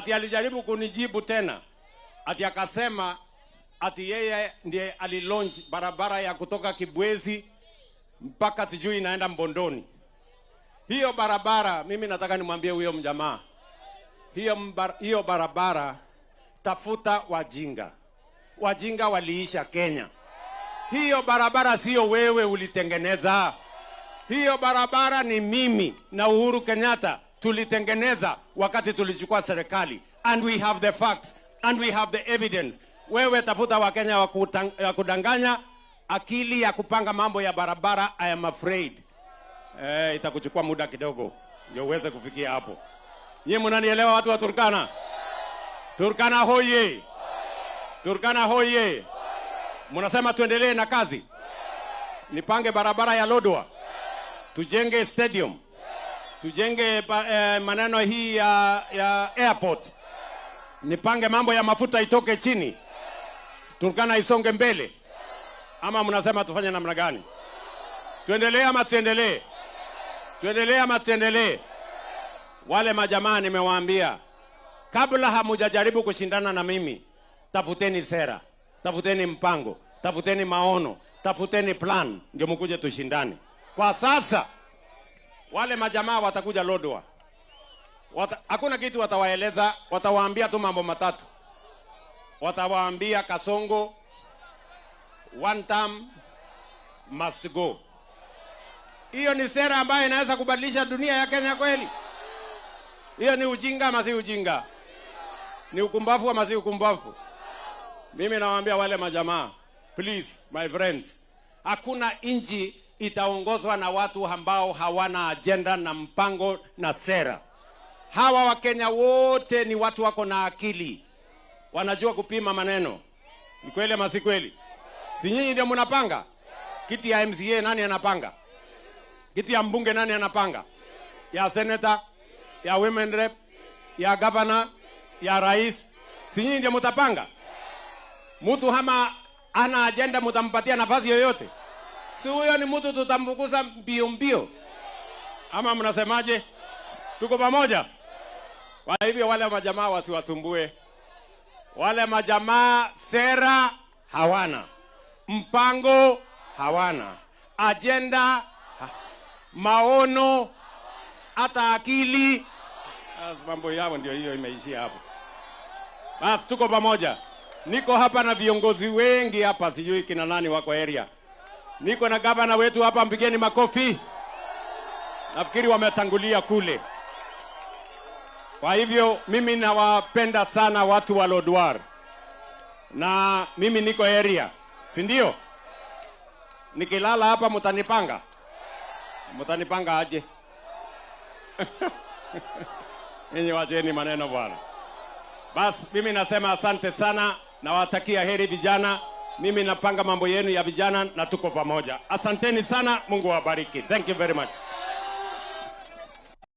ati alijaribu kunijibu tena, ati akasema ati yeye ndiye alilaunch barabara ya kutoka Kibwezi mpaka sijui inaenda Mbondoni. Hiyo barabara mimi nataka nimwambie huyo mjamaa, hiyo, mbar, hiyo barabara tafuta wajinga, wajinga waliisha Kenya. Hiyo barabara sio wewe ulitengeneza, hiyo barabara ni mimi na Uhuru Kenyatta tulitengeneza wakati tulichukua serikali, and we have the facts and we have the evidence. Wewe tafuta Wakenya wa kudanganya, akili ya kupanga mambo ya barabara, I am afraid eh, itakuchukua muda kidogo ndio uweze kufikia hapo. Nyie mnanielewa, watu wa Turkana? Turkana hoye! Turkana hoye! Mnasema tuendelee na kazi, nipange barabara ya Lodwar, tujenge stadium tujenge eh, maneno hii ya, ya airport, nipange mambo ya mafuta itoke chini, Turkana isonge mbele, ama mnasema tufanye namna gani? Tuendelee ama tuendelee? Tuendelee ama tuendelee? Wale majamaa nimewaambia, kabla hamujajaribu kushindana na mimi, tafuteni sera, tafuteni mpango, tafuteni maono, tafuteni plan, ndio mkuje tushindane. Kwa sasa wale majamaa watakuja Lodwa, hakuna kitu watawaeleza, watawaambia tu mambo matatu. Watawaambia Kasongo one term must go. Hiyo ni sera ambayo inaweza kubadilisha dunia ya Kenya kweli? Hiyo ni ujinga ama si ujinga? Ni ukumbavu ama si ukumbavu? Mimi nawaambia wale majamaa, please my friends, hakuna inji itaongozwa na watu ambao hawana ajenda na mpango na sera. Hawa Wakenya wote ni watu wako na akili, wanajua kupima maneno. Ni kweli ama si kweli? Si nyinyi ndio mnapanga kiti ya MCA? Nani anapanga kiti ya mbunge? Nani anapanga ya seneta, ya women rep, ya gavana, ya rais? Si nyinyi ndio mtapanga? Mtu hama ana ajenda, mtampatia nafasi yoyote? si huyo ni mtu tutamfukuza mbio mbio, ama mnasemaje? Tuko pamoja? Kwa hivyo wale majamaa wasiwasumbue, wale majamaa sera hawana, mpango hawana, ajenda ha, maono hata akili. Mambo yao ndio hiyo, imeishia hapo. Basi tuko pamoja. Niko hapa na viongozi wengi hapa, sijui kina nani wako area. Niko na gavana wetu hapa, mpigeni makofi. Nafikiri wametangulia kule. Kwa hivyo mimi nawapenda sana watu wa Lodwar, na mimi niko area, si ndio? Nikilala hapa mtanipanga, mtanipanga aje? Ninyi wacheni maneno bwana. bas mimi nasema asante sana, nawatakia heri vijana mimi napanga mambo yenu ya vijana na tuko pamoja. Asanteni sana, Mungu awabariki. Thank you very much.